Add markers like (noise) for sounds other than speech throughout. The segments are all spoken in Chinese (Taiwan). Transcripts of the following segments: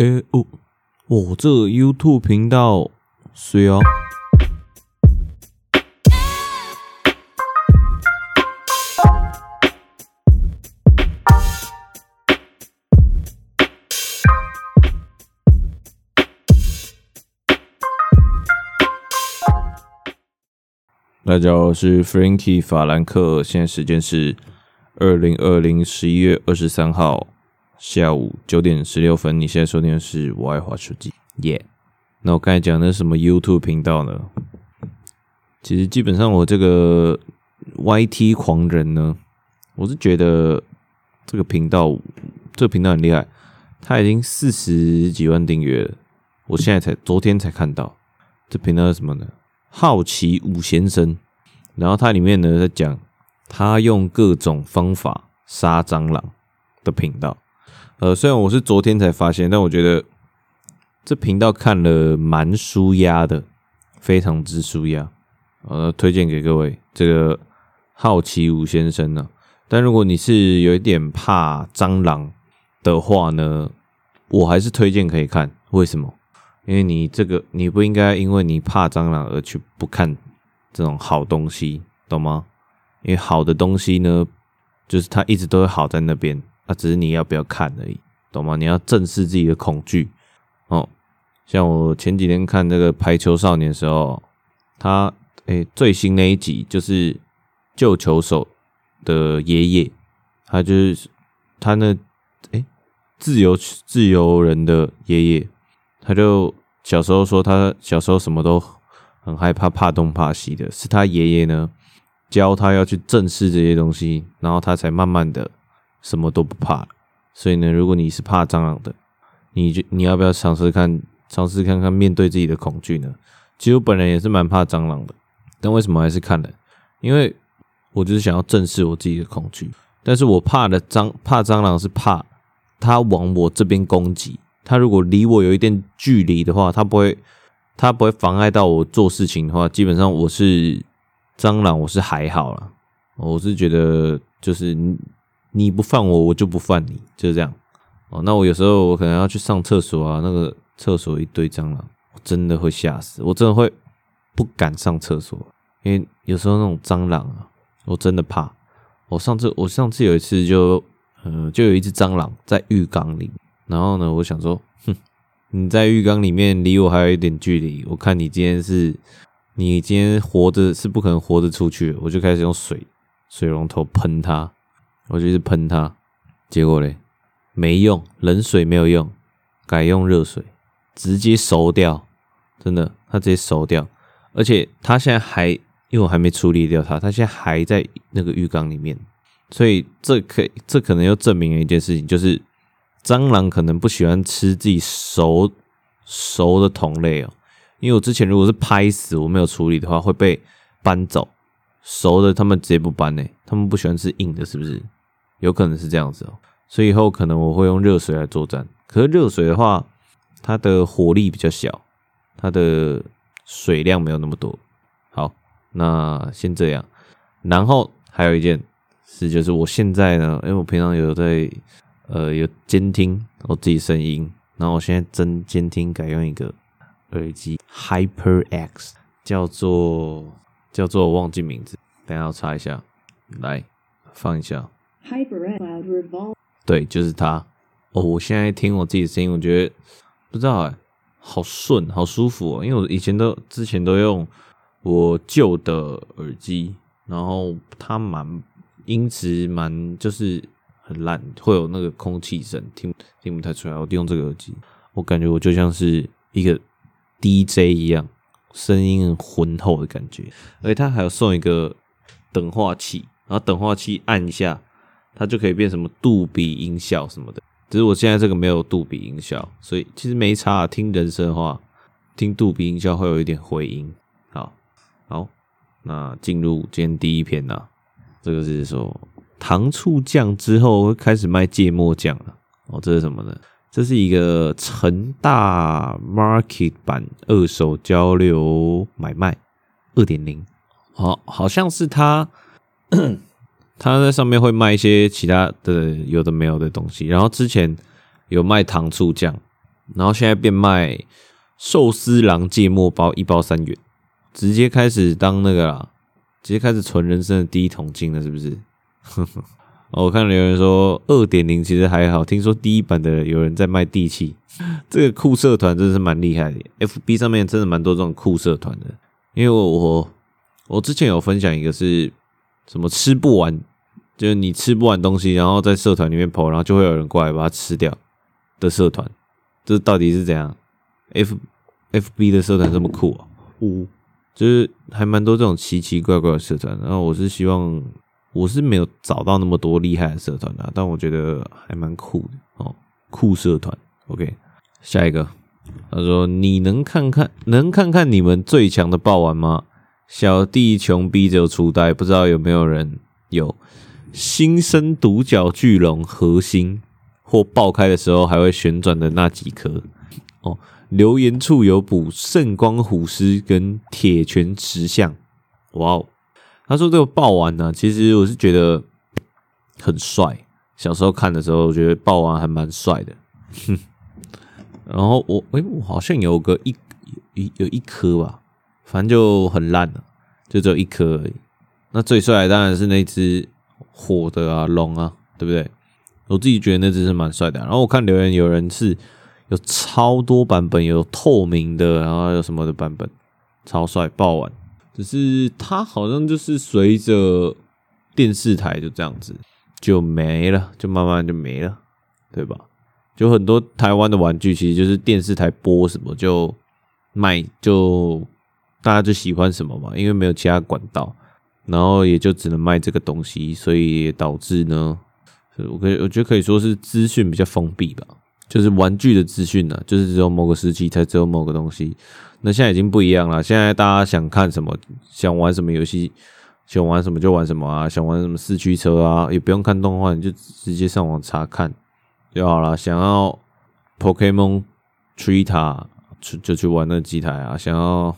哎哦！我、哦、這個、YouTube 頻道需要、啊、大家好，我是 Frankie 法蘭克，現在時間是二零二零年十一月二十三號。下午九點十六分，你現在收聽的是我愛滑手機耶。Yeah 那我剛才講的是什麼 YouTube 頻道呢？其實基本上我這個 YT 狂人呢，我是覺得這個頻道，這個頻道很厲害，他已經四十幾萬訂閱了。我現在才昨天才看到這頻道是什麼呢？好奇五先生，然後它裡面呢，在講他用各種方法殺蟑螂的頻道。呃，雖然我是昨天才發現，但我覺得這頻道看了蠻舒壓的，非常之舒壓。呃，推薦給各位這個好奇五先生呢、啊。但如果你是有一點怕蟑螂的話呢，我還是推薦可以看。為什麼？因為你這個你不應該因為你怕蟑螂而去不看這種好東西，懂嗎？因為好的東西呢，就是它一直都會好在那邊。啊，只是你要不要看而已，懂嗎？你要正視自己的恐懼哦。像我前幾天看這個《排球少年》的時候，他誒、欸、最新那一集就是救球手的爺爺，他就是他那誒、欸、自由自由人的爺爺，他就小時候說他小時候什麼都很害怕，怕東怕西的，是他爺爺呢教他要去正視這些東西，然後他才慢慢的。什麼都不怕，所以呢，如果你是怕蟑螂的，你就你要不要嘗試看嘗試看看面對自己的恐懼呢？其實我本人也是蠻怕蟑螂的，但為什麼還是看了？因為我就是想要正視我自己的恐懼。但是我怕的蟑怕蟑螂是怕它往我這邊攻擊。它如果離我有一點距離的話，它不會它不會妨礙到我做事情的話，基本上我是蟑螂，我是還好啦。我是覺得就是。你不犯我，我就不犯你，就這樣。哦，那我有時候我可能要去上廁所啊，那個廁所一堆蟑螂，我真的會嚇死，我真的會不敢上廁所，因為有時候那種蟑螂啊，我真的怕。我上次我上次有一次就，嗯，呃，就有一只蟑螂在浴缸裡，然後呢，我想說，哼，你在浴缸裡面離我還有一點距離，我看你今天是，你今天活着是不可能活着出去，我就開始用水水龍頭噴它。我就是噴它，結果嘞，沒用，冷水沒有用，改用熱水，直接熟掉，真的，它直接熟掉，而且它現在還，因為我還沒處理掉它，它現在還在那個浴缸裡面，所以這可以，這可能又證明了一件事情，就是蟑螂可能不喜歡吃自己熟熟的同類哦、喔，因為我之前如果是拍死，我沒有處理的話，會被搬走，熟的他們直接不搬嘞、欸，他們不喜歡吃硬的，是不是？有可能是這樣子哦、喔，所以以後可能我會用熱水來作戰。可是熱水的話，它的火力比較小，它的水量沒有那麼多。好，那先這樣。然後還有一件事就是，我現在呢，因為我平常有在呃有監聽我自己聲音，然後我現在真監聽改用一個耳機 Hyper X，叫做叫做我忘記名字，等下要查一下，來放一下。對，就是它哦！Oh, 我現在聽我自己的聲音，我覺得不知道哎，好順，好舒服哦、啊。因為我以前都之前都用我舊的耳機，然後它蠻音質，蠻就是很爛，會有那個空氣聲，聽聽不太出來。我就用這個耳機，我感覺我就像是一個 DJ 一樣，聲音很渾厚的感覺。而且它還有送一個等化器，然後等化器按一下。它就可以變什麼杜比音效什麼的，只是我現在這個沒有杜比音效，所以其實沒差。聽人聲的話，聽杜比音效會有一點回音。好，好，那進入今天第一篇吶、啊，這個是說糖醋醬之後會開始賣芥末醬了。哦，這是什麼呢？這是一個成大 Market 版二手交流買賣二點零。好，好像是他。他在上面會賣一些其他的有的沒有的東西，然後之前有賣糖醋醬，然後現在變賣壽司郎芥末包，一包三元，直接開始當那個啦，直接開始存人生的第一桶金了，是不是？ (laughs) 我看了有人說二點零其實還好，聽說第一版的人有人在賣地契，這個酷社團真的是蠻厲害的，FB 上面真的蠻多這種酷社團的，因為我我之前有分享一個是什麼吃不完。就是你吃不完東西，然後在社團裡面跑，然後就會有人過來把它吃掉的社團，這到底是怎樣？F F B 的社團這麼酷啊？嗚、哦，就是還蠻多這種奇奇怪怪的社團。然後我是希望，我是沒有找到那麼多厲害的社團的、啊，但我覺得還蠻酷的哦，酷社團。OK，下一個，他說你能看看能看看你們最強的爆丸嗎？小弟窮逼只有初代，不知道有沒有人有。新生獨角巨龍核心，或爆開的時候還會旋轉的那幾顆哦。留言處有補聖光虎獅跟鐵拳石像，哇哦！他說這個爆丸呢、啊，其實我是覺得很帥。小時候看的時候，我覺得爆丸還蠻帥的，哼。然後我，哎、欸，我好像有個一一有一顆吧，反正就很爛了，就只有一顆而已。那最帥的當然是那隻火的啊，龍啊，對不對？我自己覺得那只是蠻帥的啊。然後我看留言，有人是有超多版本，有透明的，然後有什麼的版本，超帥，爆丸，只是它好像就是隨着電視台就這樣子就沒了，就慢慢就沒了，對吧？就很多台灣的玩具，其實就是電視台播什麼就賣，就大家就喜歡什麼嘛，因為沒有其他管道。然後也就只能賣這個東西，所以也導致呢，我可我覺得可以說是資訊比較封閉吧，就是玩具的資訊呢、啊，就是只有某個時期才只有某個東西。那現在已經不一樣了，現在大家想看什麼，想玩什麼遊戲，想玩什麼就玩什麼啊，想玩什麼四驅車啊，也不用看動畫，你就直接上網查看就好了。想要 Pokémon Tretta 就就去玩那個機台啊，想要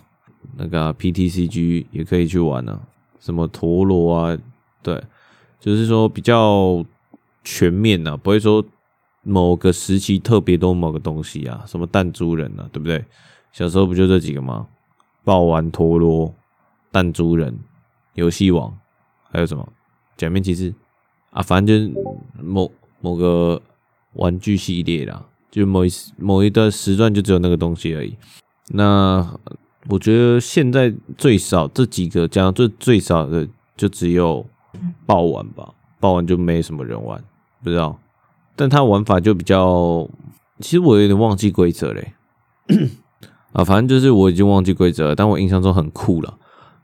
那個 PTCG 也可以去玩呢、啊。什麼陀螺啊，對，就是說比較全面啊，不會說某個時期特別多某個東西啊，什麼彈珠人啊，對不對？小時候不就這幾個嗎？爆丸陀螺、彈珠人、遊戲王，還有什麼假面騎士啊，反正就是某某個玩具系列啦，就某一某一段時段就只有那個東西而已。那我覺得現在最少這幾個，加最最少的就只有爆丸吧，爆丸就沒什麼人玩，不知道。但他的玩法就比較，其實我有點忘記規則嘞。啊，反正就是我已經忘記規則了，但我印象中很酷了。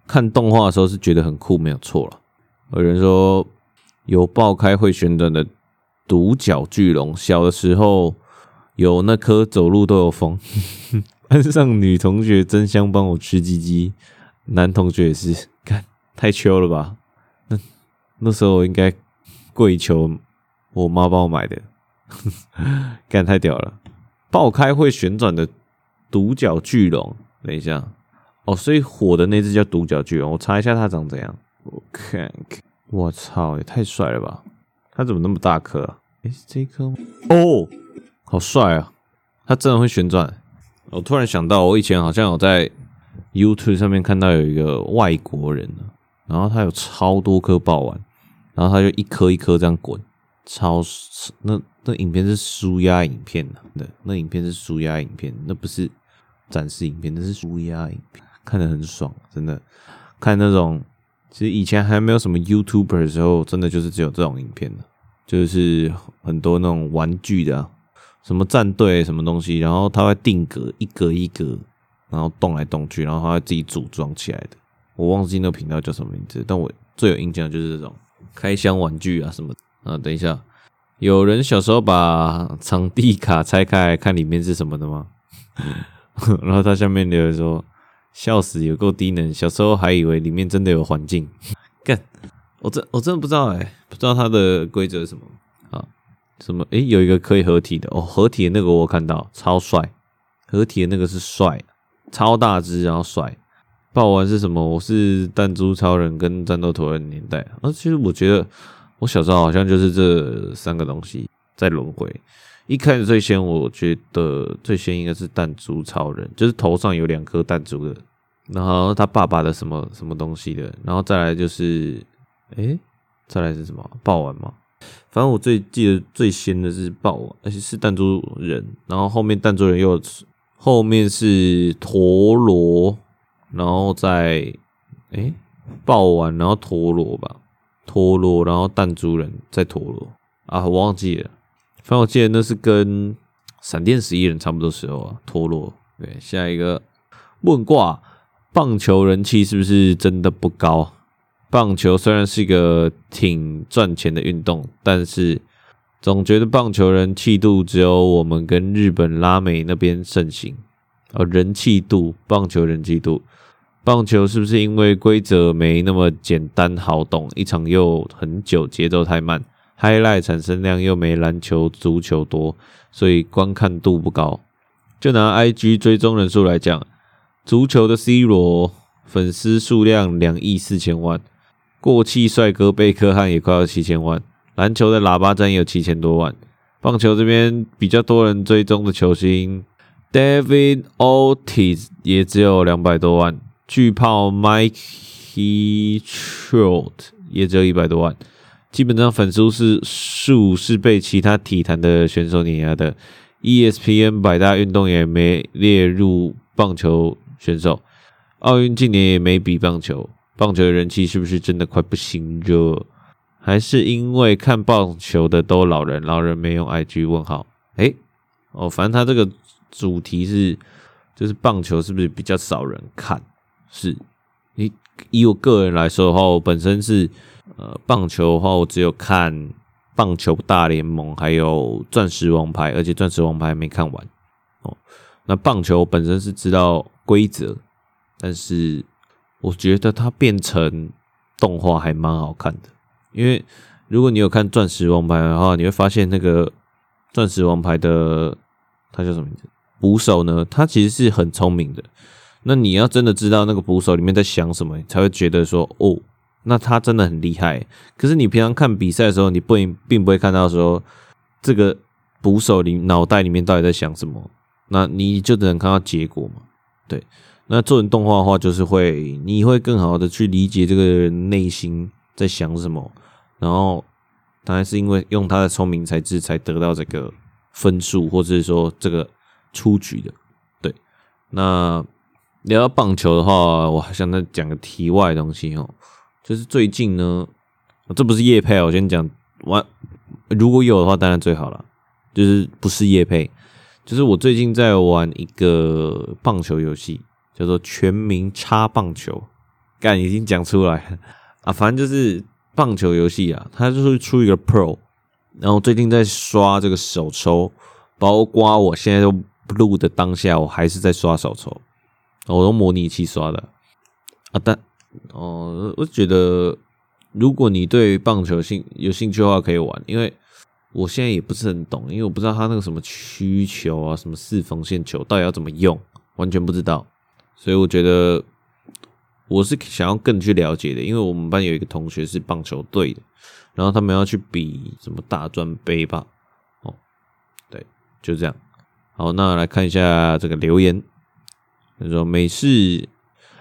看動畫的時候是覺得很酷，沒有錯了。有人說有爆開會旋轉的獨角巨龍，小的時候有那顆走路都有風。 (laughs) 班上女同學爭相幫我吃雞雞，男同學也是，幹太秋了吧？那那時候應該跪求我媽幫我買的，幹太屌了！爆開會旋轉的獨角巨龍，等一下，哦，最火的那隻叫獨角巨龍，我查一下它長怎樣。我看看，我操，也太帥了吧！它怎麼那麼大顆啊？欸，是這顆嗎？哦，好帥啊！它真的會旋轉。我突然想到，我以前好像有在 YouTube 上面看到有一個外國人，啊，然後他有超多顆爆丸，然後他就一顆一顆這樣滾，超，那那影片，是舒壓影片呢，啊，那那影片，是舒壓影片，那不是展示影片，那是舒壓影片，看得很爽，真的，看那種，其實以前還沒有什麼 YouTuber 的時候，真的就是只有這種影片，啊、就是很多那種玩具的，啊。什麼戰隊什麼東西，然後它會定格一格一格，然後動來動去，然後它會自己組裝起來的。我忘記那個頻道叫什麼名字，但我最有印象就是這種開箱玩具啊，什麼的。啊，等一下，有人小時候把場地卡拆開看裡面是什麼的嗎？ (laughs) 然後他下面留言說：“笑死，有夠低能，小時候還以為裡面真的有環境。”幹，我真我真的不知道欸，不知道它的規則是什麼。什麼？誒、欸，有一個可以合體的哦，合體的那個我看到，超帥。合體的那個是帥，超大隻，然後帥。爆丸是什麼？我是彈珠超人跟戰鬥陀螺年代。而、啊、其實我覺得，我小時候好像就是這三個東西在輪回。一開始最先，我覺得最先應該是彈珠超人，就是頭上有兩顆彈珠的，然後他爸爸的什麼什麼東西的，然後再來就是，誒、欸，再來是什麼？爆丸嗎？反正我最記得最先的是爆，而且是彈珠人，然後後面彈珠人又，後面是陀螺，然後再，哎、欸，爆丸然後陀螺吧，陀螺然後彈珠人再陀螺，啊，我忘記了，反正我記得那是跟閃電十一人差不多時候啊，陀螺。對，下一個問卦，棒球人氣是不是真的不高？棒球雖然是一個挺賺錢的運動，但是總覺得棒球人氣度只有我們跟日本、拉美那邊盛行。而、哦、人氣度，棒球人氣度，棒球是不是因為規則沒那麼簡單好懂，一場又很久，節奏太慢，highlight 產生量又沒籃球、足球多，所以觀看度不高。就拿 IG 追蹤人數來講，足球的 C 羅粉絲數量兩億四千萬。過氣帥哥貝克漢也快要七千萬，籃球的喇叭詹也有七千多萬，棒球這邊比較多人追蹤的球星 David Ortiz 也只有兩百多萬，巨炮 Mike Trout 也只有一百多萬，基本上粉絲數是，是被其他體壇的選手碾壓的，ESPN 百大運動也沒列入棒球選手，奧運近年也沒比棒球。棒球的人氣是不是真的快不行了？還是因為看棒球的都老人，老人沒有 I G 問號。哎、欸，哦，反正他這個主題是，就是棒球是不是比較少人看？是，以以我個人來說的話，我本身是呃棒球的話，我只有看棒球大聯盟還有鑽石王牌，而且鑽石王牌沒看完。哦，那棒球本身是知道規則，但是。我覺得它變成動畫還蠻好看的，因為如果你有看《鑽石王牌》的話，你會發現那個《鑽石王牌》的它叫什麼名字？捕手呢？它其實是很聰明的。那你要真的知道那個捕手裡面在想什麼，你才會覺得說哦，那他真的很厲害。可是你平常看比賽的時候，你不並不會看到說這個捕手裡腦袋裡面到底在想什麼，那你就只能看到結果嘛？對。那做人動畫的話，就是會你會更好，好的去理解這個人內心在想什麼，然後，當然是因為用他的聰明才智才得到這個分數，或者是說這個出局的。對，那聊到棒球的話，我還想再講個題外的東西哦，就是最近呢，這不是業配，我先講完，如果有的話，當然最好了，就是不是業配，就是我最近在玩一個棒球遊戲。叫做全民插棒球，幹，已經講出來啊，反正就是棒球遊戲啊，它就是出一個 Pro，然後最近在刷這個手抽，包括我現在都錄的當下，我還是在刷手抽，哦，我都模擬器刷的啊，但哦、呃，我覺得如果你對棒球興有興趣的話，可以玩，因為我現在也不是很懂，因為我不知道他那個什麼曲球啊，什麼四縫線球到底要怎麼用，完全不知道。所以我覺得我是想要更去了解的，因為我們班有一個同學是棒球隊的，然後他們要去比什麼大專杯吧，哦，對，就這樣。好，那來看一下這個留言，他說美式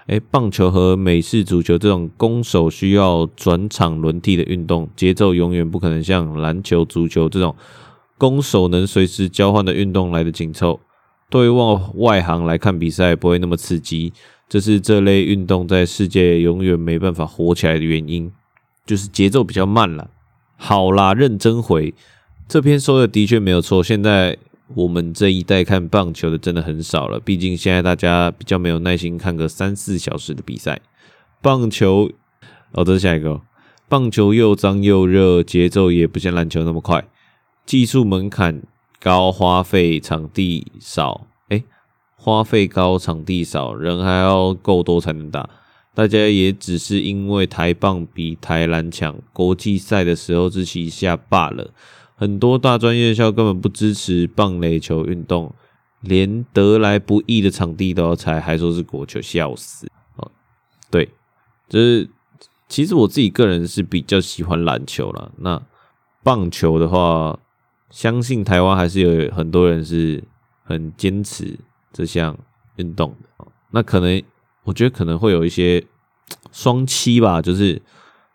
哎、欸，棒球和美式足球這種攻守需要轉場輪替的運動，節奏永遠不可能像籃球、足球這種攻守能隨時交換的運動來得緊湊。對外外行來看比賽不會那麼刺激，這是這類運動在世界永遠沒辦法火起來的原因，就是節奏比較慢了。好啦，認真回。這篇說的的確沒有錯，現在我們這一代看棒球的真的很少了，畢竟現在大家比較沒有耐心看個三四小時的比賽。棒球，哦，這是下一個，哦，棒球又髒又熱，節奏也不像籃球那麼快，技術門檻。高花費場地少，哎、欸，花費高場地少，人還要夠多才能打。大家也只是因為台棒比台籃強，國際賽的時候支持一下罷了。很多大專院校根本不支持棒壘球運動，連得來不易的場地都要拆，還說是國球，笑死！哦，對，就是其實我自己個人是比較喜歡籃球啦。那棒球的話。相信台灣還是有很多人是很堅持這項運動的。那可能我覺得可能會有一些雙七吧，就是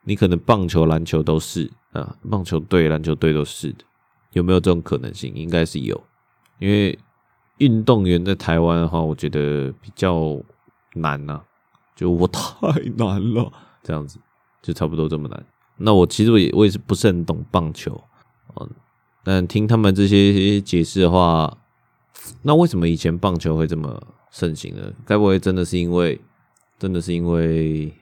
你可能棒球、籃球都是啊，棒球隊、籃球隊都是的，有沒有這種可能性？應該是有，因為運動員在台灣的話，我覺得比較難啊。就我太難了，這樣子就差不多這麼難。那我其實也我也是不是很懂棒球啊，但聽他們這些解釋的話，那為什麼以前棒球會這麼盛行呢？該不會真的是因為，真的是因為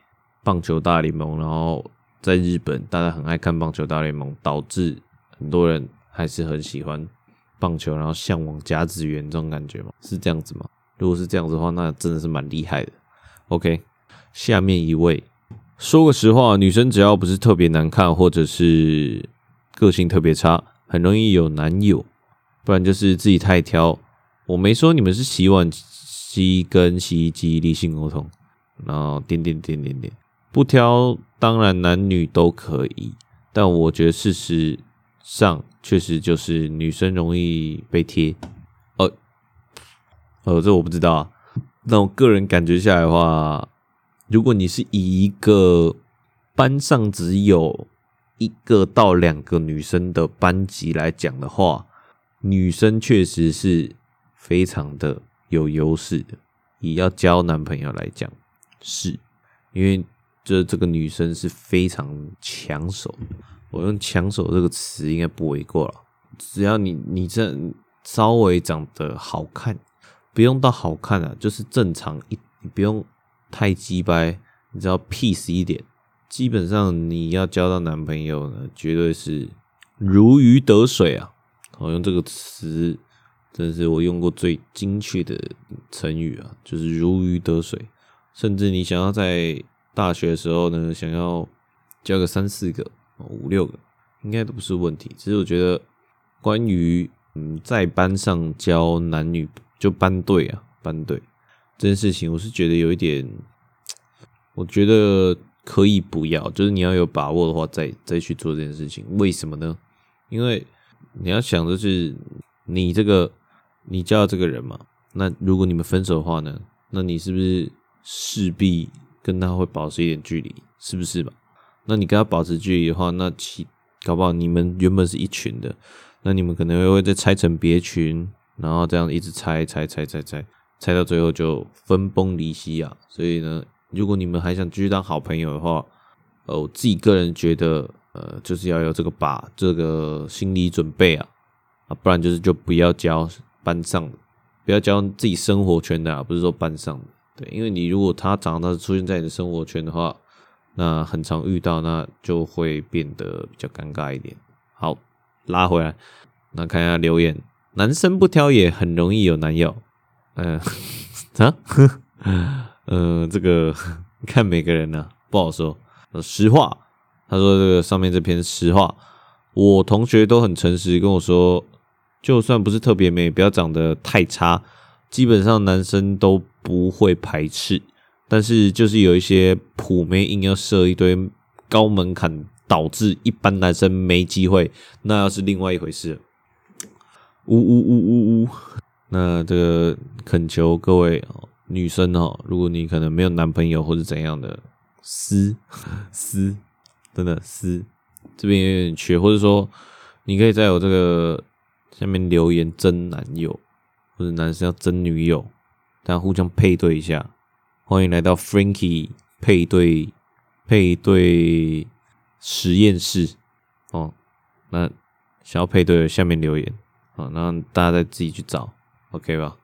棒球大聯盟，然後在日本大家很愛看棒球大聯盟，導致很多人還是很喜歡棒球，然後向往甲子園這種感覺嗎？是這樣子嗎？如果是這樣子的話，那真的是蠻厲害的。OK，下面一位，說個實話，女生只要不是特別難看，或者是個性特別差，很容易有男友，不然就是自己太挑。我沒說你們是洗碗機跟洗衣機理性溝通，然後點點點點點，不挑，當然男女都可以，但我覺得事實上確實就是女生容易被貼。呃、哦，呃、哦，這我不知道啊。那我個人感覺下來的話，如果你是以一個班上只有。一個到兩個女生的班級來講的話，女生確實是非常的有優勢的。以要交男朋友來講，是，因為這這個女生是非常搶手，我用“搶手”這個詞應該不為過了。只要你你這稍微長得好看，不用到好看啊，就是正常一，你不用太雞掰，你只要 peace 一點。基本上你要交到男朋友呢，絕對是如魚得水啊！好、哦、用這個詞，真是我用過最精確的成語啊，就是如魚得水。甚至你想要在大學的時候呢，想要交個三四個、哦、五六個，應該都不是問題。其實我覺得關於，關於嗯，在班上交男女就班對啊，班對這件事情，我是覺得有一點，我覺得。可以不要，就是你要有把握的話再，再再去做這件事情。為什麼呢？因為你要想的是，你這個你叫這個人嘛，那如果你們分手的話呢，那你是不是勢必跟他會保持一點距離？是不是吧？那你跟他保持距離的話，那其搞不好你們原本是一群的，那你們可能會會再拆成別群，然後這樣一直拆拆拆拆拆，拆到最後就分崩離析啊！所以呢，如果你們還想繼續當好朋友的話，呃，我自己個人覺得，呃，就是要有這個把這個心理準備啊，啊，不然就是就不要交班上，不要交自己生活圈的啊，不是說班上，對，因為你如果他常常出現在你的生活圈的話，那很常遇到，那就會變得比較尷尬一點。好，拉回來，那看一下留言，男生不挑也很容易有男友，嗯、呃，啊 (laughs) 蛤。 (laughs) 嗯、呃，這個看每個人呢，啊，不好說，呃。實話，他說這個上面這篇實話，我同學都很誠實跟我說，就算不是特別美，不要長得太差，基本上男生都不會排斥。但是就是有一些普妹硬要設一堆高門檻，導致一般男生沒機會，那要是另外一回事了。嗚嗚嗚嗚嗚，那這個懇求各位。女生哦，如果你可能沒有男朋友或者怎樣的，私私真的私這邊有點缺，或者說你可以在我這個下面留言，真男友或者男生要真女友，大家互相配對一下。歡迎來到 Frankie 配對配對實驗室哦。那想要配對的下面留言啊、哦，那大家再自己去找，OK 吧？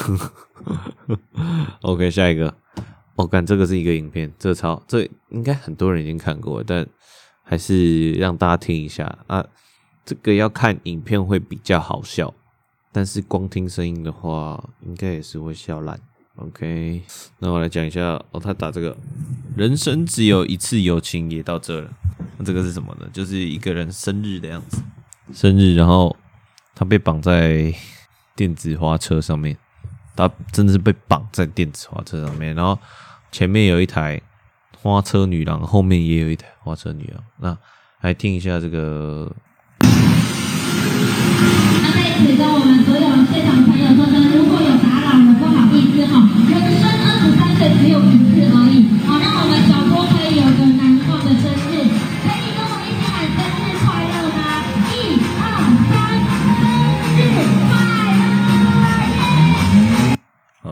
(laughs) OK，下一個。我、哦、看這個是一個影片，這個、超這個、應該很多人已經看過了，但還是讓大家聽一下啊。這個要看影片會比較好笑，但是光聽聲音的話，應該也是會笑爛。OK，那我來講一下。哦，他打這個，人生只有一次，友情也到這了。那這個是什麼呢？就是一個人生日的樣子，生日，然後他被綁在電子花車上面。他真的是被綁在電子花車上面，然後前面有一台花車女郎，後面也有一台花車女郎。那來聽一下這個。那在此跟我們所有現場朋友說聲，如果有打擾不好意思哈。人生二十三歲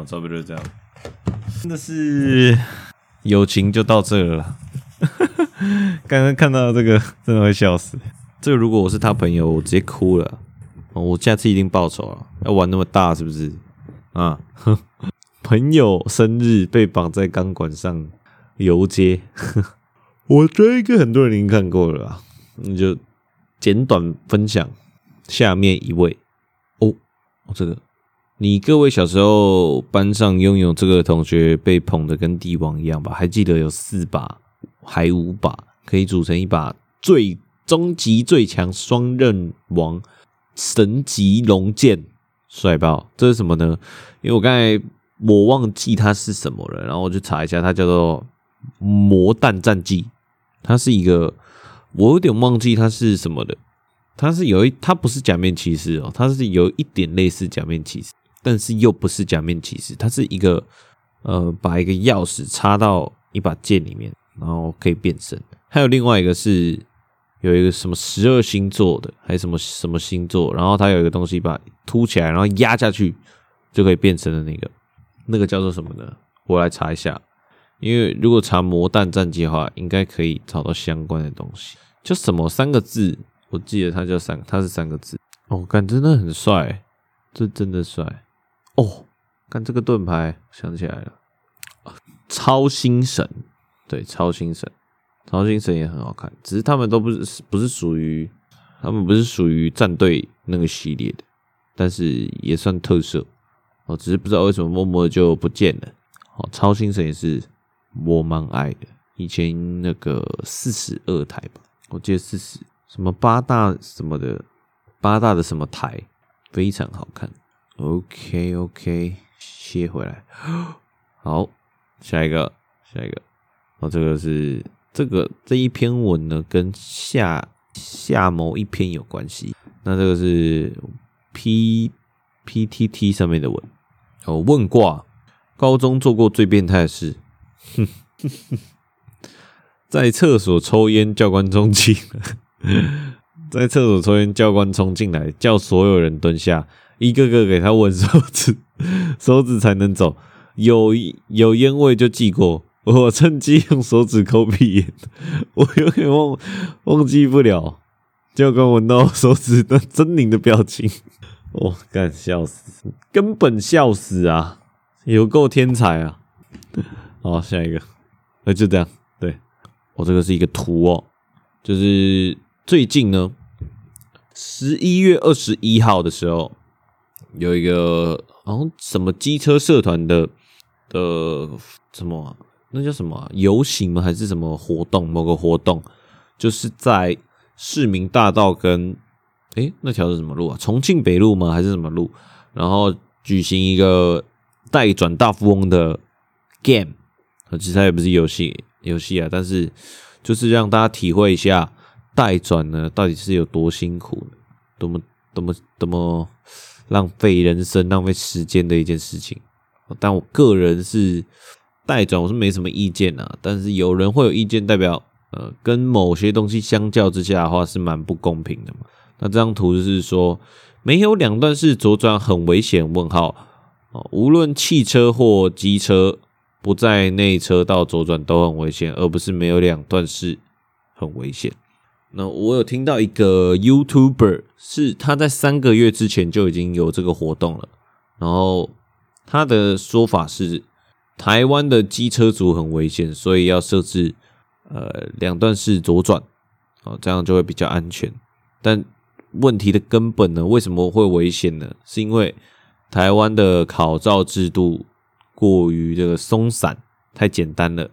差不多就是這樣，真的是友情就到這了。剛剛看到這個，真的會笑死。這如果我是他朋友，我直接哭了。我下次一定報仇了。要玩那麼大，是不是？啊，朋友生日被綁在鋼管上遊街，我覺得應該很多人已經看過了。那就簡短分享下面一位哦，這個。你各位小時候班上擁有這個同學，被捧得跟帝王一樣吧？還記得有四把，還五把可以組成一把最終極最強雙刃，王神級龍劍帥爆。這是什麼呢？因為我剛才我忘記它是什麼了，然後我就查一下，它叫做魔彈戰記。它是一個，我有點忘記它是什麼的。它是有一，它不是假面騎士哦、喔，它是有一點類似假面騎士。但是又不是假面騎士，它是一個呃，把一個鑰匙插到一把劍裡面，然後可以變身。還有另外一個是有一個什麼十二星座的，還有什麼什麼星座？然後它有一個東西把凸起來，然後壓下去就可以變成了那個那個叫做什麼呢？我來查一下，因為如果查魔彈戰記的話，應該可以找到相關的東西。叫什麼三個字？我記得它叫三，它是三個字。哦，感覺真的很帥，這真的帥。哦，看這個盾牌，想起來了，超星神，對，超星神，超星神也很好看，只是他們都不是不是屬於，他們不是屬於戰隊那個系列的，但是也算特色，哦，只是不知道為什麼默默就不見了。哦，超星神也是我蠻愛的，以前那個四十二台吧，我記得四十什麼八大什麼的，八大的什麼台非常好看。OK，OK，okay, okay, 切回來。好，下一個，下一個。哦，這個是這個這一篇文呢，跟下下某一篇有關係。那這個是 P、PTT 上面的文。我、哦、問卦。高中做過最變態的事，哼哼哼。在廁所抽菸，教官衝進。 (laughs) 在廁所抽菸，教官衝進來，叫所有人蹲下。一個個給他聞手指，手指才能走。有有煙味就記過。我趁機用手指摳鼻煙，我永遠忘忘記不了，就跟我聞到手指那猙獰的表情，我幹笑死，根本笑死啊！有夠天才啊！好，下一個，那就這樣。對，我、哦、這個是一個圖哦，就是最近呢，十一月二十一號的時候。有一個好像什麼機車社團的的什麼、啊、那叫什麼啊，遊行嗎？還是什麼活動？某個活動就是在市民大道跟誒、欸，那條是什麼路啊？重慶北路嗎？還是什麼路？然後舉行一個待轉大富翁的 game，其實它也不是遊戲遊戲啊，但是就是讓大家體會一下待轉呢到底是有多辛苦，多麼多麼多麼。浪費人生、浪費時間的一件事情，但我個人是待轉，我是沒什麼意見啊。但是有人會有意見，代表呃，跟某些東西相較之下的話，是蠻不公平的嘛。那這張圖就是說，沒有兩段式左轉很危險？問號，無論汽車或機車，不在內車道左轉都很危險，而不是沒有兩段式很危險。那我有聽到一個 YouTuber 是他在三個月之前就已經有這個活動了，然後他的說法是台灣的機車族很危險，所以要設置呃兩段式左轉，哦這樣就會比較安全。但問題的根本呢？為什麼會危險呢？是因為台灣的考照制度過於這個鬆散，太簡單了。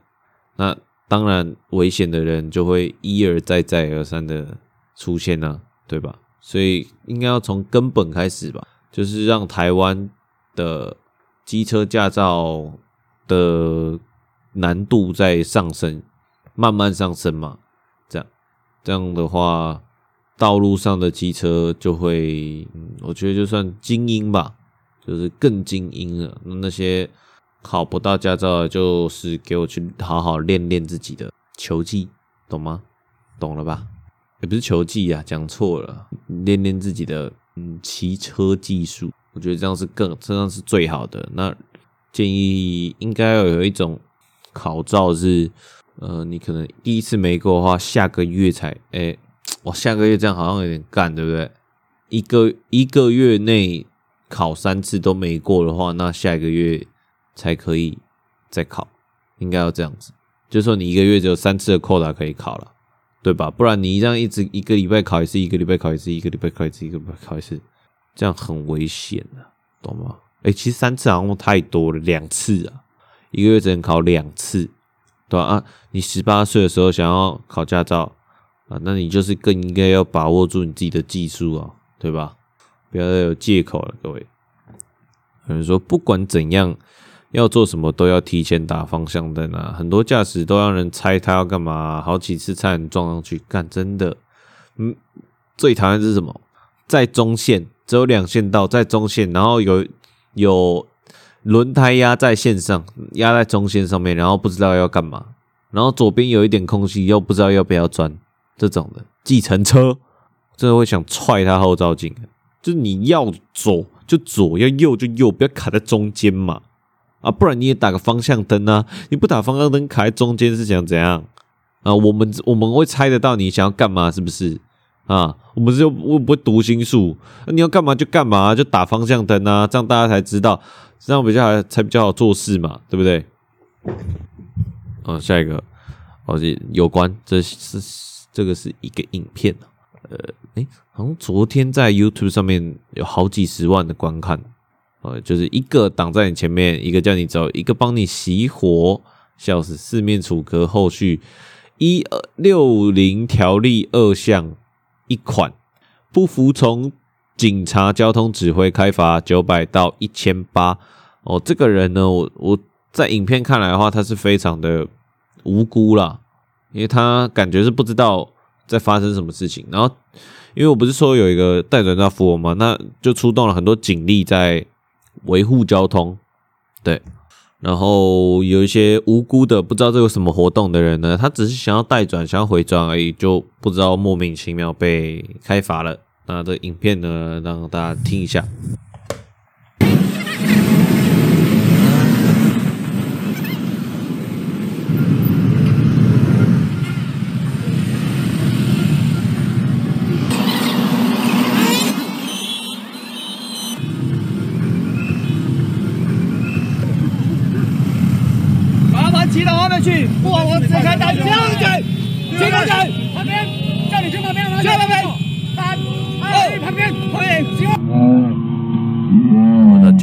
那當然，危險的人就會一而再、再而三的出現呢、啊，對吧？所以應該要從根本開始吧，就是讓台灣的機車駕照的難度在上升，慢慢上升嘛。這樣，這樣的話，道路上的機車就會，嗯、我覺得就算精英吧，就是更精英了，那，那些。考不到駕照，就是給我去好好練練自己的球技，懂嗎？懂了吧？也不是球技啊，講錯了，練練自己的嗯騎車技術，我覺得這樣是更這樣是最好的。那建議應該要有一種考照是，呃，你可能第一次沒過的話，下個月才哎，我下個月這樣好像有點幹，對不對？一個一個月內考三次都沒過的話，那下一個月。才可以再考，應該要這樣子，就說你一個月只有三次的扣打可以考了，對吧？不然你一樣一直一個禮拜考一次，一個禮拜考一次，一個禮拜考一次，一個禮拜考一次，這樣很危險的、啊，懂嗎？哎、欸，其實三次好像太多了，兩次啊，一個月只能考兩次，對吧？啊，你十八歲的時候想要考駕照啊，那你就是更應該要把握住你自己的技術啊，對吧？不要再有借口了，各位。有人說，不管怎樣。要做什麼都要提前打方向燈啊！很多駕駛都讓人猜他要幹嘛啊，好幾次差點撞上去。幹真的，嗯，最討厭是什麼？在中線只有兩線道，在中線，然後有有輪胎壓在線上，壓在中線上面，然後不知道要幹嘛，然後左邊有一點空隙，又不知道要不要鑽這種的計程車，真的會想踹他後照鏡。就你要左就左，要右就右，不要卡在中間嘛。啊，不然你也打個方向燈啊！你不打方向燈卡在中間是想怎樣？啊，我們我們會猜得到你想要幹嘛，是不是？啊，我們是又我們不會讀心術，那、啊、你要幹嘛就幹嘛，就打方向燈啊，這樣大家才知道，這樣比較才比較好做事嘛，對不對？哦，下一個，哦，這有關，這是這個是一個影片，呃，哎，好像昨天在 YouTube 上面有好幾十萬的觀看。呃，就是一個擋在你前面，一個叫你走，一個幫你熄火，笑死！四面楚歌，後續一六零條例二項一款，不服從警察交通指揮，開罰九百到一千八。哦，這個人呢，我我在影片看來的話，他是非常的無辜啦，因為他感覺是不知道在發生什麼事情。然後，因為我不是說有一個待轉大富翁嗎？那就出動了很多警力在。維護交通，對，然後有一些無辜的不知道這有什麼活動的人呢，他只是想要待轉，想要回轉而已，就不知道莫名其妙被開罰了。那這影片呢，讓大家聽一下。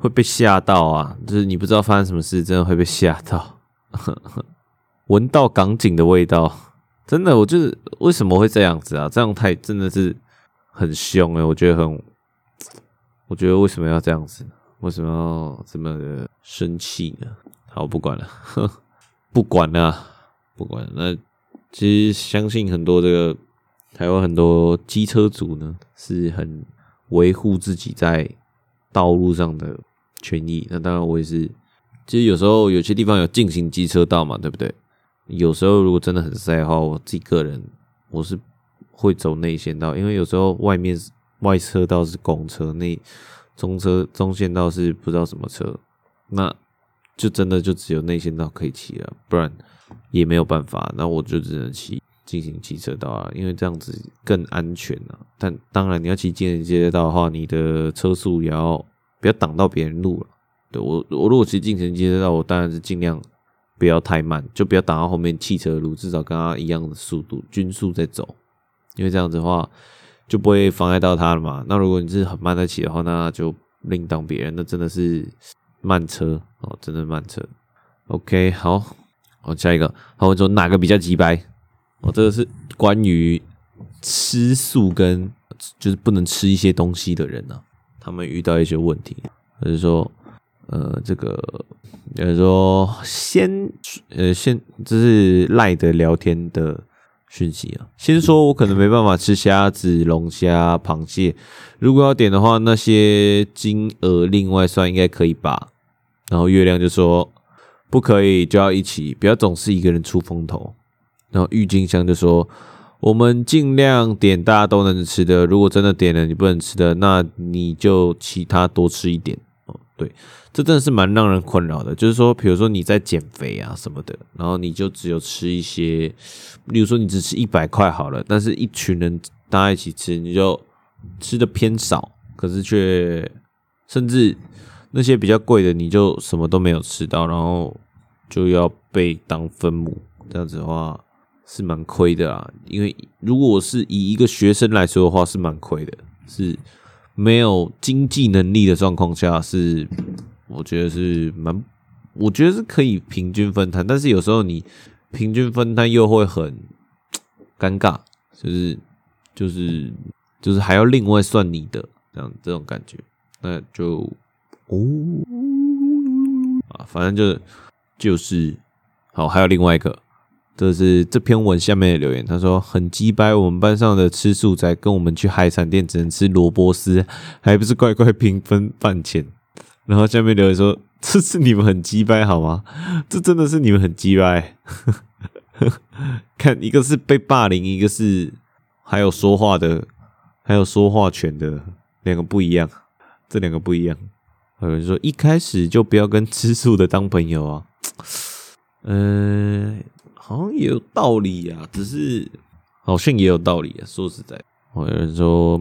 會被嚇到啊！就是你不知道發生什麼事，真的會被嚇到。聞 (laughs) 到港警的味道，真的，我就是為什麼會這樣子啊？這樣太真的是很凶誒、欸，我覺得很，我覺得為什麼要這樣子？為什麼要這麼的生氣呢？好，不管了， (laughs) 不管了，不管了。那其實相信很多這個台灣很多機車主呢，是很維護自己在道路上的。權益那當然，我也是。其實有時候有些地方有禁行機車道嘛，對不對？有時候如果真的很塞的話，我自己個人我是會走內線道，因為有時候外面外車道是公車，內中車中線道是不知道什麼車，那就真的就只有內線道可以騎了，不然也沒有辦法。那我就只能騎禁行機車道啊，因為這樣子更安全啊。但當然你要騎禁行機車道的話，你的車速也要。不要擋到別人路了，對。對，我，我如果騎進城機車道，我當然是盡量不要太慢，就不要擋到後面汽車的路，至少跟他一樣的速度，均速在走，因為這樣子的話就不會妨礙到他了嘛。那如果你是很慢地騎的話，那就另當別論，那真的是慢車哦，真的慢車。OK，好，好，下一個，他會說哪個比較機掰？哦，這個是關於吃素跟就是不能吃一些東西的人呢、啊。他們遇到一些問題，就是說，呃，這個，就是說，先，呃，先，這是賴的聊天的訊息啊。先說，我可能沒辦法吃蝦子、龍蝦、螃蟹，如果要點的話，那些金額另外算，應該可以吧？然後月亮就說不可以，就要一起，不要總是一個人出風頭。然後鬱金香就說。我們盡量點大家都能吃的，如果真的點了你不能吃的，那你就其他多吃一點哦。對，這真的是蠻讓人困擾的。就是說，比如說你在減肥啊什麼的，然後你就只有吃一些，比如說你只吃一百塊好了，但是一群人大家一起吃，你就吃得偏少，可是卻甚至那些比較貴的，你就什麼都沒有吃到，然後就要被當分母，這樣子的話。是蠻虧的啊，因為如果我是以一個學生來說的話，是蠻虧的，是沒有經濟能力的狀況下，是我覺得是蠻，我覺得是可以平均分攤，但是有時候你平均分攤又會很尷尬，就是就是就是還要另外算你的，這樣這種感覺，那就哦啊，反正就就是好，還有另外一個。這是這篇文下面的留言，他說很雞掰，我們班上的吃素仔跟我們去海產店只能吃蘿蔔絲，還不是乖乖平分飯錢。然後下面留言說，這次你們很雞掰好嗎？這真的是你們很雞掰。 (laughs) 看，一個是被霸凌，一個是還有說話的，還有說話權的，兩個不一樣，這兩個不一樣。還有人說，一開始就不要跟吃素的當朋友啊。嗯、呃。好像也有道理啊，只是好像也有道理啊。說實在，有人說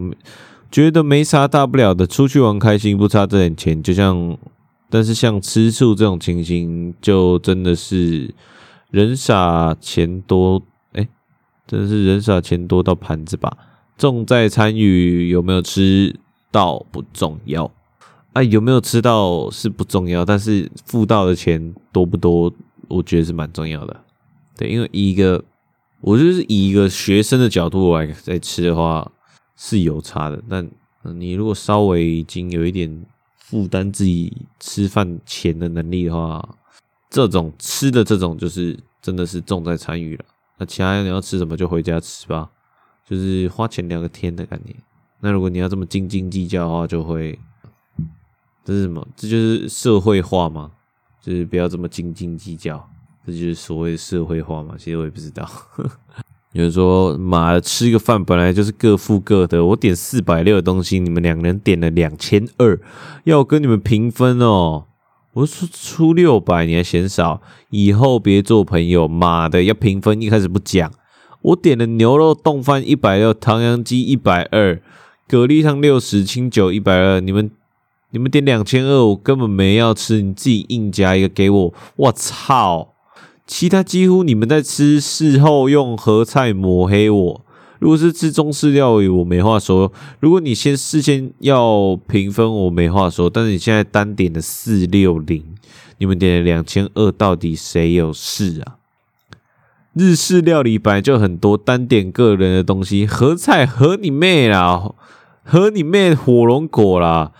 覺得沒啥大不了的，出去玩開心，不差這點錢。就像，但是像吃素這種情形，就真的是人傻錢多。哎、欸，真的是人傻錢多到盤子吧。重在參與，有沒有吃到不重要啊？有沒有吃到是不重要，但是付到的錢多不多，我覺得是蠻重要的。對，因為以一個，我就是以一個學生的角度來來吃的話是有差的。但你如果稍微已經有一點負擔自己吃飯錢的能力的話，這種吃的這種就是真的是重在參與了。那其他你要吃什麼就回家吃吧，就是花錢聊個天的感覺，那如果你要這麼斤斤計較的話，就會這是什麼？這就是社會化嘛，就是不要這麼斤斤計較。這就是所謂社會化嘛，其實我也不知道。呵呵，有人說，媽的，吃個飯本來就是各付各的。我點四百六的東西，你們兩個人點了兩千二，要我跟你們平分哦。我說出六百，你還嫌少？以後別做朋友，媽的要平分，一開始不講。我點了牛肉丼飯一百六，唐揚雞一百二，蛤蜊湯六十，清酒一百二。你們你們點兩千二，我根本沒要吃，你自己硬加一個給我。我操！其他幾乎你們在吃事後用和菜抹黑我，如果是吃中式料理，我沒話說；如果你先事先要評分，我沒話說。但是你現在單點的四六零，你們點了兩千二，到底誰有事啊？日式料理本來就很多單點個人的東西，和菜和你妹啦，和你妹火龍果啦。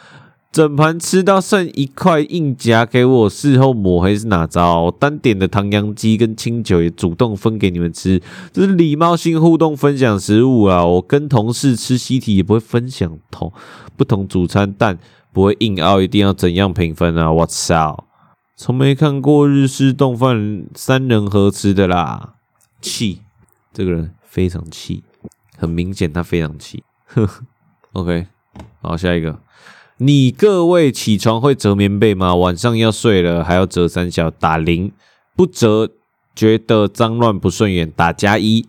整盤吃到剩一塊硬夾給我，事後抹黑是哪招？我單點的唐揚雞跟清酒也主動分給你們吃，這是禮貌性互動分享食物啊！我跟同事吃西堤也不會分享同不同主餐，但不會硬拗一定要怎樣平分啊！我操，從沒看過日式丼飯三人合吃的啦！氣，這個人非常氣，很明顯他非常氣。 (laughs) OK，好，下一個。你各位起床會折棉被嗎？晚上要睡了還要折三小，打零，不折覺得髒亂不順眼打加一，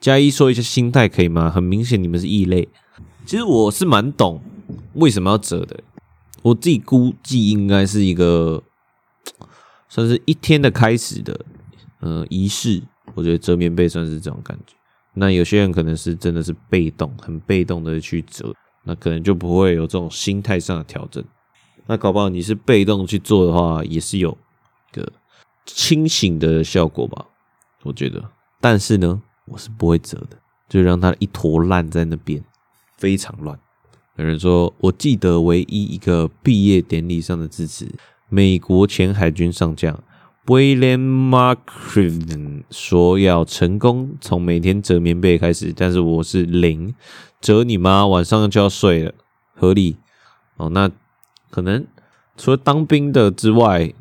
加一說一下心態可以嗎？很明顯你們是異類，其實我是蠻懂為什麼要折的，我自己估計應該是一個算是一天的開始的，嗯、呃，儀式，我覺得折棉被算是這種感覺。那有些人可能是真的是被動，很被動的去折。那可能就不會有這種心態上的調整。那搞不好你是被動去做的話，也是有一個清醒的效果吧？我覺得。但是呢，我是不會折的，就讓它一坨爛在那邊，非常亂。有人說，我記得唯一一個畢業典禮上的致辭，美國前海軍上將。William McQueen 說：“要成功，從每天折棉被開始。”但是我是零，折你媽，晚上就要睡了，合理哦。那可能除了當兵的之外，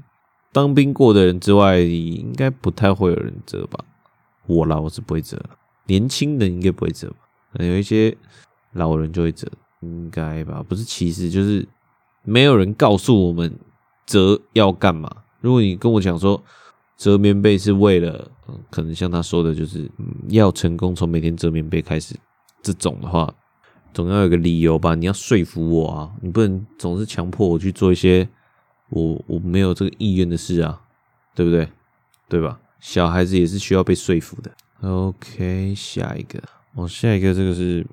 當兵過的人之外，應該不太會有人折吧。我啦，我是不會折。年輕人應該不會折吧？有一些老人就會折，應該吧？不是歧視，其實就是沒有人告訴我們折要幹嘛。如果你跟我講說，折棉被是為了、嗯，可能像他說的，就是、嗯、要成功，從每天折棉被開始，這種的話，總要有個理由吧？你要說服我啊，你不能總是強迫我去做一些我我沒有這個意願的事啊，對不對？對吧？小孩子也是需要被說服的。OK，下一個，哦，下一個，這個是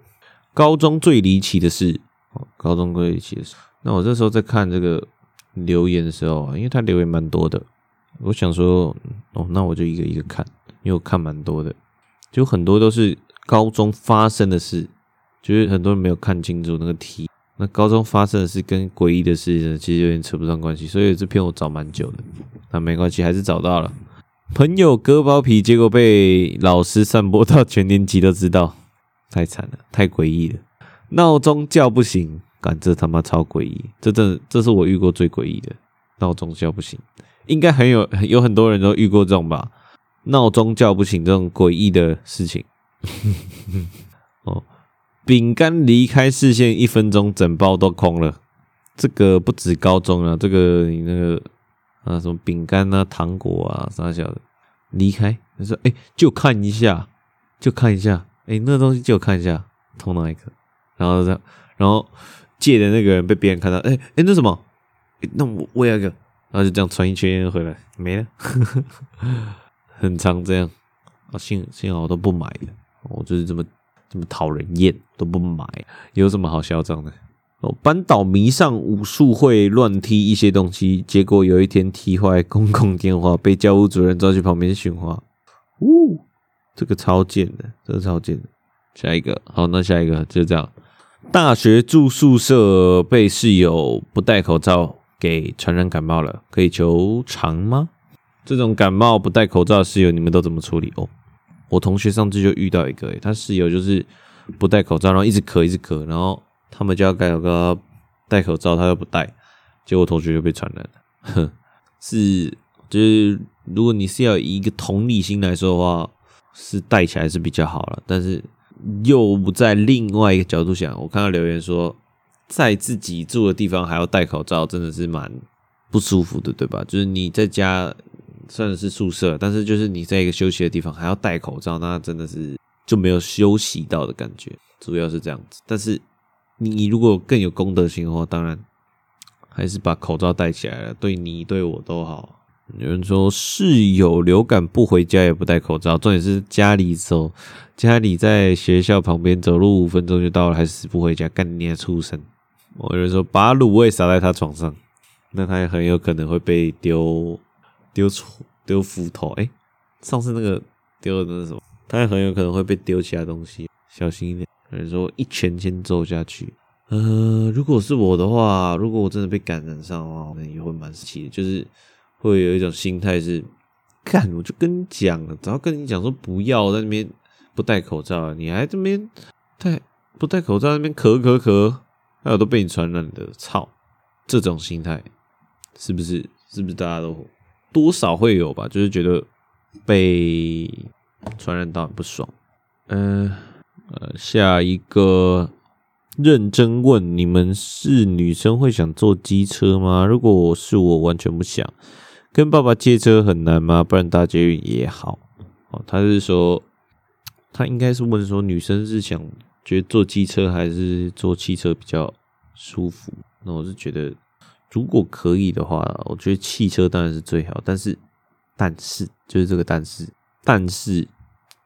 高中最離奇的事，哦，高中最離奇的事。那我這時候在看這個。留言的時候，因為他留言蠻多的，我想說哦，那我就一個一個看，因為我看蠻多的，就很多都是高中發生的事，就是很多人沒有看清楚那個題。那高中發生的事跟詭異的事情呢，其實有點扯不上關係，所以這篇我找蠻久的，那沒關係，還是找到了。朋友割包皮，結果被老師散播到全年級都知道，太慘了，太詭異了。鬧鐘叫不醒。感覺他媽超詭異的，這真的這是我遇過最詭異的。鬧鐘叫不醒，應該很有有很多人都遇過這種吧？鬧鐘叫不醒這種詭異的事情。呵呵呵哦，餅乾離開視線一分鐘，整包都空了。這個不止高中啊，這個你那個啊什麼餅乾啊糖果啊啥小的離開，你說誒就看一下，就看一下，誒那東西就看一下，偷哪一個，然後這樣，然後。借的那個人被別人看到，哎、欸、哎、欸，那什麼？欸、那我我要一個，然後就這樣傳一圈圈回來，沒了， (laughs) 很常這樣啊。幸幸好我都不買了，我、哦、就是這麼這麼討人厭，都不買，有什麼好囂張的？哦，班導迷上武術會亂踢一些東西，結果有一天踢壞公共電話，被教務主任抓去旁邊訓話。嗚，這個超賤的，這個超賤的。下一個，好，那下一個就這樣。大學住宿舍，被室友不戴口罩給傳染感冒了，可以求償嗎？這種感冒不戴口罩的室友，你們都怎麼處理？哦，我同學上次就遇到一個、欸，他室友就是不戴口罩，然後一直咳，一直咳，然後他們就要給他戴口罩，他又不戴，結果同學就被傳染了。哼，是就是，如果你是要以一個同理心來說的話，是戴起來是比較好了，但是。又不在另外一個角度想，我看到留言說，在自己住的地方還要戴口罩，真的是蠻不舒服的，對吧？就是你在家算是宿舍，但是就是你在一個休息的地方還要戴口罩，那真的是就沒有休息到的感覺，主要是這樣子。但是你如果更有公德心的話，當然還是把口罩戴起來了，對你對我都好。有人說室友流感不回家也不戴口罩，重點是家裡走，家裡在學校旁邊走路五分鐘就到了，還死不回家，幹你畜生。我有人說把滷味撒在他床上，那他也很有可能會被丟丟鋤丟斧頭。哎、欸，上次那個丟的那是什麼，他也很有可能會被丟其他東西，小心一點。有人說一拳先揍下去。呃，如果是我的話，如果我真的被感染上的話，那也會蠻氣的，就是。會有一種心態是，看我就跟你講了，只要跟你講說不要在那邊不戴口罩，你還在那邊戴不戴口罩，那邊咳咳咳，還有都被你傳染的，操！這種心態是不是是不是大家都多少會有吧？就是覺得被傳染到很不爽。嗯呃、嗯，下一個認真問，你們是女生會想坐機車嗎？如果是我，我完全不想。跟爸爸借車很難嗎？不然搭捷運也好。哦，他是說，他應該是問說，女生是想覺得坐機車還是坐汽車比較舒服？那我是覺得，如果可以的話，我覺得汽車當然是最好。但是，但是就是這個但是，但是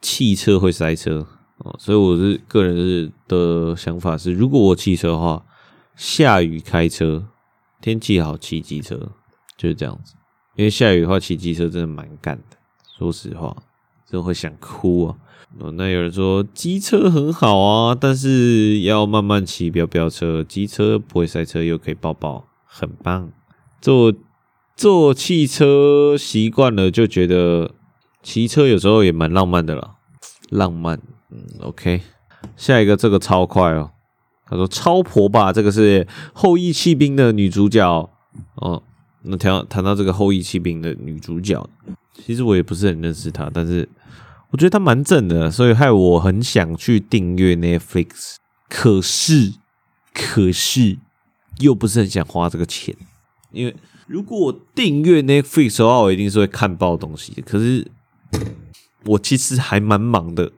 汽車會塞車哦，所以我是個人是的想法是，如果我汽車的話，下雨開車，天氣好騎機車，就是這樣子。因為下雨的話，騎機車真的蠻幹的。說實話，就會想哭啊。那有人說機車很好啊，但是要慢慢騎，不要飆車。機車不會塞車，又可以抱抱，很棒。坐坐汽車習慣了，就覺得騎車有時候也蠻浪漫的了。浪漫，嗯，OK。下一個這個超快哦。他說超婆吧，這個是後裔棄兵的女主角哦。那談談到這個《後裔棄兵》的女主角，其實我也不是很認識她，但是我覺得她蠻正的，所以害我很想去訂閱 Netflix。可是，可是又不是很想花這個錢，因為如果我訂閱 Netflix 的話，我一定是會看爆東西的。可是我其實還蠻忙的，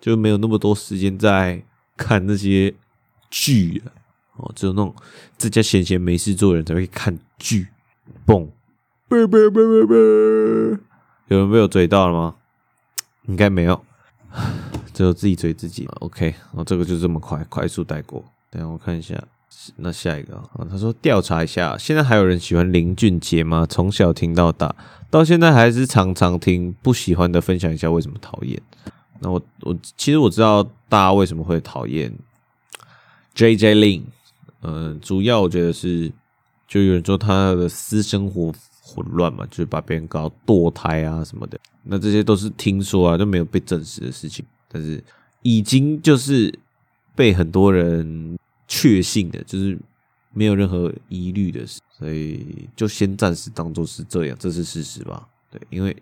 就沒有那麼多時間在看那些劇了。哦，只有那種在家閒閒沒事做的人才會看劇。蹦，有人被我嘴到了嗎？應該沒有，只有自己嘴自己。OK，哦，這個就這麼快，快速帶過。等一下我看一下，那下一個啊，他說，調查一下，現在還有人喜歡林俊傑嗎？從小聽到大，到現在還是常常聽。不喜歡的分享一下為什麼討厭。那我我其實我知道大家為什麼會討厭 JJ Lin，嗯、呃，主要我覺得是。就有人說他的私生活混亂嘛，就是把別人搞墮胎啊什麼的，那這些都是聽說啊，就沒有被證實的事情，但是已經就是被很多人確信的，就是沒有任何疑慮的事，所以就先暫時當做是這樣，這是事實吧？對，因為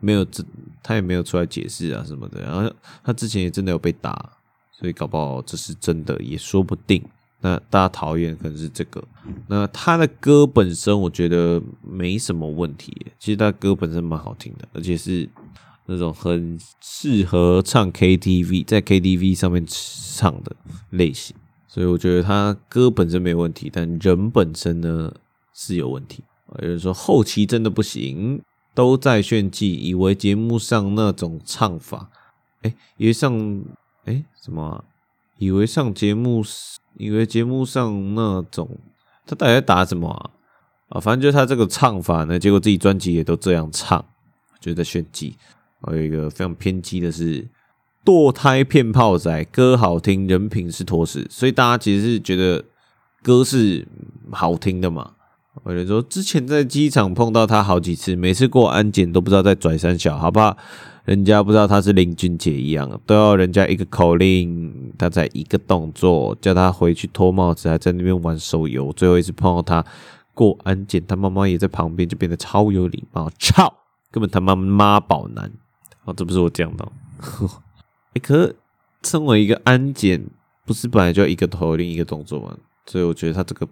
沒有這，他也沒有出來解釋啊什麼的，然後他之前也真的有被打，所以搞不好這是真的，也說不定。那大家討厭可能是這個，那他的歌本身我覺得沒什麼問題，其實他歌本身蠻好聽的，而且是那種很適合唱 KTV，在 KTV 上面唱的類型，所以我覺得他歌本身沒問題，但人本身呢是有問題。有人說後期真的不行，都在炫技，以為節目上那種唱法，誒，以為上誒，什麼，以為上節目是。因為節目上那種，他到底在打什麼啊？啊，反正就是他這個唱法呢，結果自己專輯也都這樣唱，就在炫技。還有一個非常偏激的是，墮胎騙炮仔，歌好聽，人品是坨屎。所以大家其實是覺得歌是好聽的嘛。我就說，之前在機場碰到他好幾次，每次過安檢都不知道在拽三小，好不好？人家不知道他是林俊杰一樣，都要人家一個口令，他才一個動作。叫他回去脫帽子，還在那邊玩手遊。我最後一次碰到他過安檢，他媽媽也在旁邊，就變得超有禮貌。操，根本他媽媽寶男啊、哦！這不是我講的、哦。呵,呵。哎、欸，可是身為一個安檢，不是本來就一個口令一個動作嗎？所以我覺得他這個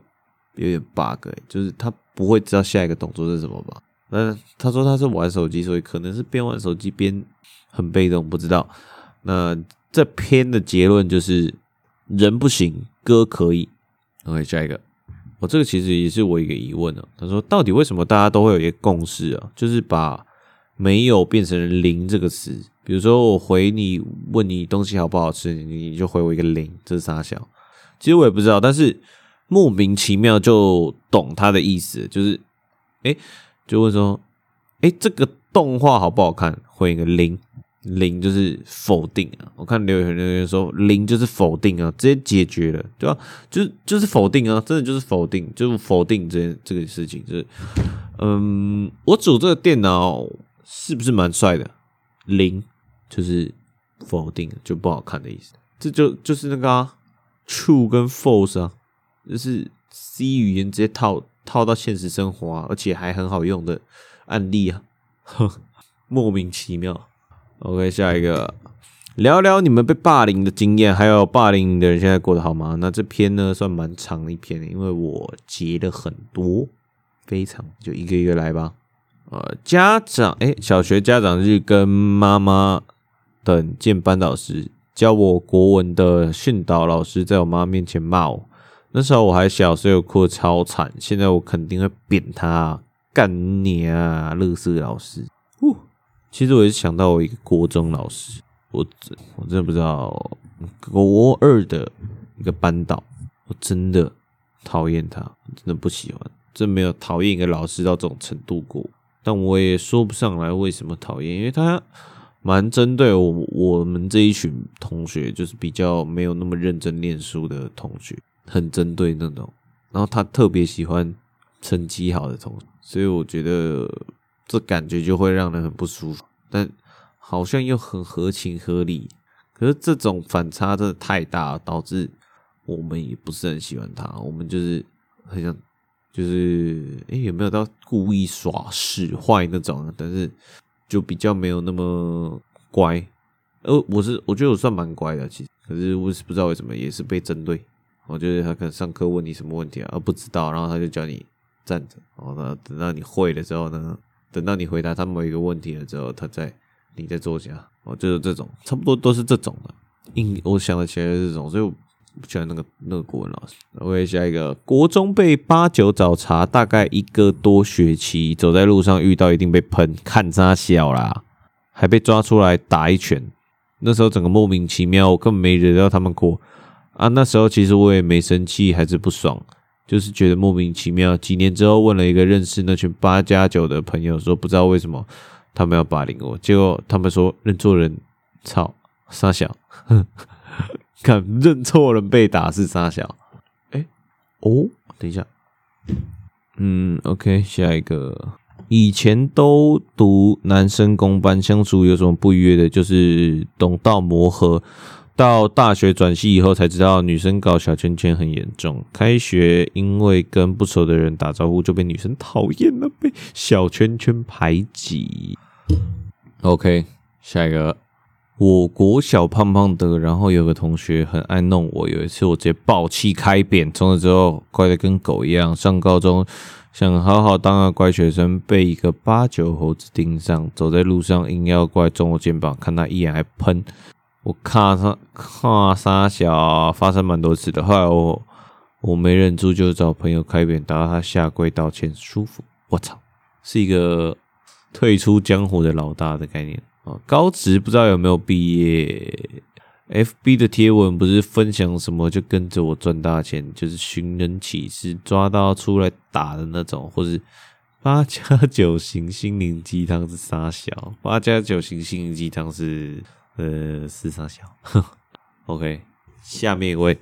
有點 bug，誒、欸，就是他不會知道下一個動作是什麼吧？嗯，那他說他是玩手機，所以可能是邊玩手機邊很被動，不知道。那這篇的結論就是人不行，歌可以。OK，下一個，我、哦、這個其實也是我一個疑問哦、啊，他說到底為什麼大家都會有一個共識啊？就是把沒有變成零這個詞。比如說我回你，問你東西好不好吃，你就回我一個零，這是啥小？其實我也不知道，但是莫名其妙就懂他的意思，就是哎。欸就會說，哎、欸，這個動畫好不好看？回一個零，零就是否定啊。我看留言留言說零就是否定啊，直接解決了，對吧、啊？就是就是否定啊，真的就是否定，就是否定這件、個、這個事情，就是嗯，我組這個電腦是不是蠻帥的？零就是否定，就不好看的意思。這就就是那個、啊、true 跟 false 啊，就是 C 語言直接套。套到現實生活、啊，而且還很好用的案例啊， (laughs) 莫名其妙。OK，下一個，聊聊你們被霸凌的經驗，還有霸凌的人現在過得好嗎？那這篇呢，算蠻長的一篇，因為我截了很多，非常就一個一個來吧。呃，家長，誒、欸，小學家長日跟媽媽等見班導師，教我國文的訓導老師在我媽面前罵我。那時候我還小，所以我哭得超慘。現在我肯定會扁他，幹你啊，樂色老師！嗚，其實我也是想到我一個國中老師，我我真的不知道，國二的一個班導，我真的討厭他，真的不喜歡，真沒有討厭一個老師到這種程度過。但我也說不上來為什麼討厭，因為他蠻針對我我們這一群同學，就是比較沒有那麼認真念書的同學。很針對那種，然後他特別喜歡成績好的同學，所以我覺得這感覺就會讓人很不舒服，但好像又很合情合理。可是這種反差真的太大了，導致我們也不是很喜歡他。我們就是很想，就是哎、欸，有沒有到故意耍使壞那種？但是就比較沒有那麼乖。呃，我是我覺得我算蠻乖的，其實，可是我是不知道為什麼也是被針對。我就是他可能上課問你什麼問題啊，而不知道，然後他就叫你站着。然後等到你會了之後呢，等到你回答他某一個問題了之後，他再，你再坐下。哦，就是這種，差不多都是這種的。印，我想的起來是這種，所以我不喜歡那個那個國文老師。我也下一個，國中被八九找茬，大概一個多學期，走在路上遇到一定被噴，看殺小啦，還被抓出來打一拳。那時候整個莫名其妙，我根本沒惹到他們國。啊，那時候其實我也沒生氣，還是不爽，就是覺得莫名其妙。幾年之後問了一個認識那群八加九的朋友，說不知道為什麼他們要霸凌我，結果他們說認錯人。操，殺小呵呵，看認錯人被打是殺小？哎、欸，哦，等一下，嗯，OK，下一個，以前都讀男生公班，相處有什麼不約的？就是懂道磨合。到大學轉系以後才知道女生搞小圈圈很嚴重。開學因為跟不熟的人打招呼就被女生討厭了，被小圈圈排擠。OK，下一個，我國小胖胖的，然後有個同學很愛弄我。有一次我直接爆氣開扁，從此之後乖得跟狗一樣。上高中想好好當個乖學生，被一個八九猴子盯上，走在路上硬要過來撞我肩膀，看他一眼還噴。我卡他卡殺小、啊，發生蠻多次的，後來我我沒忍住就找朋友開扁，打到他下跪道歉，舒服。我操，是一個退出江湖的老大的概念啊！高職不知道有沒有畢業？FB 的貼文不是分享什麼就跟着我賺大錢，就是尋人啟事抓到出來打的那種，或是八加九型心靈雞湯是殺小，八加九型心靈雞湯是。呃，四三小 (laughs) ，OK，下面一位，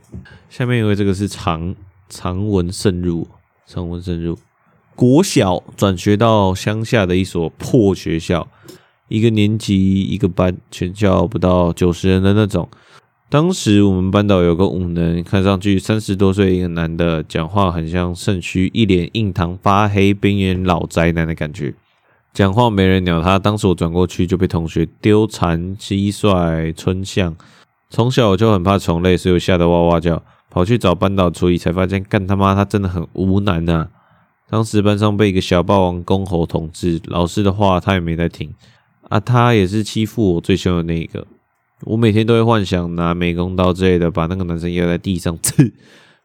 下面一位，這個是長長文慎入，長文慎入，國小轉學到鄉下的一所破學校，一個年級一個班，全校不到九十人的那種。當時我們班導有個五能，看上去三十多歲，一個男的，講話很像腎虛，一臉印堂發黑，邊緣老宅男的感覺。講話沒人鳥他。當時我轉過去就被同學丟蟬、蟋蟀、春象。從小我就很怕蟲類，所以嚇得哇哇叫，跑去找班導處理，才發現幹他媽他真的很無能啊！當時班上被一個小霸王公猴統治，老師的話他也沒在聽啊，他也是欺負我最兇的那個。我每天都會幻想拿美工刀之類的把那個男生壓在地上刺。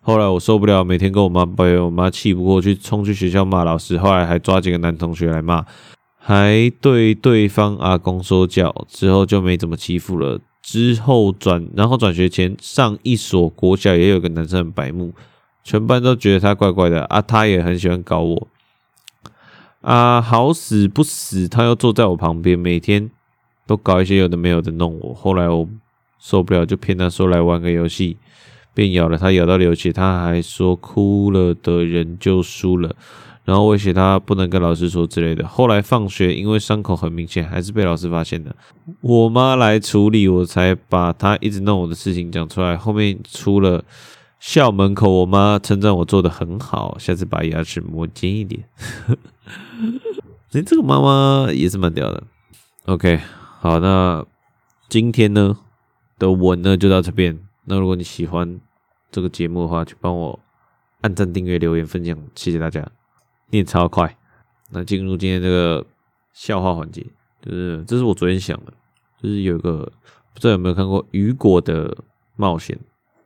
後來我受不了，每天跟我媽抱怨，我媽氣不過去，衝去學校罵老師，後來還抓幾個男同學來罵，還對對方阿公說教。之後就沒怎麼欺負了。之後轉，然後轉學前上一所國小，也有個男生很白目，全班都覺得他怪怪的啊，他也很喜歡搞我啊，好死不死，他又坐在我旁邊，每天都搞一些有的沒有的弄我。後來我受不了，就騙他說來玩個遊戲。便咬了他，她咬到流血。他還說：“哭了的人就輸了。”然後威脅他不能跟老師說之類的。後來放學，因為傷口很明顯，還是被老師發現的。我媽來處理，我才把他一直弄我的事情講出來。後面出了校門口，我媽稱讚我做得很好，下次把牙齒磨尖一點。你、 (laughs) 欸、這個媽媽也是蠻屌的。OK，好，那今天呢的文呢就到這邊。那如果你喜歡這個節目的話，就幫我按贊、訂閱、留言、分享，謝謝大家。念超快，那進入今天這個笑話環節，就是這是我昨天想的，就是有一個不知道有沒有看過《雨果的冒險》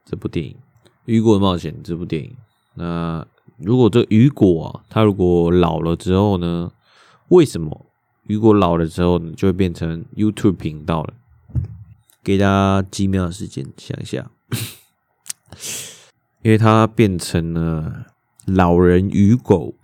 這部電影，《雨果的冒險》這部電影。那如果這雨果啊，他如果老了之後呢？為什麼雨果老了之後呢就會變成 YouTube 頻道了？給大家幾秒時間想一下， (laughs) 因為他變成了老人與狗。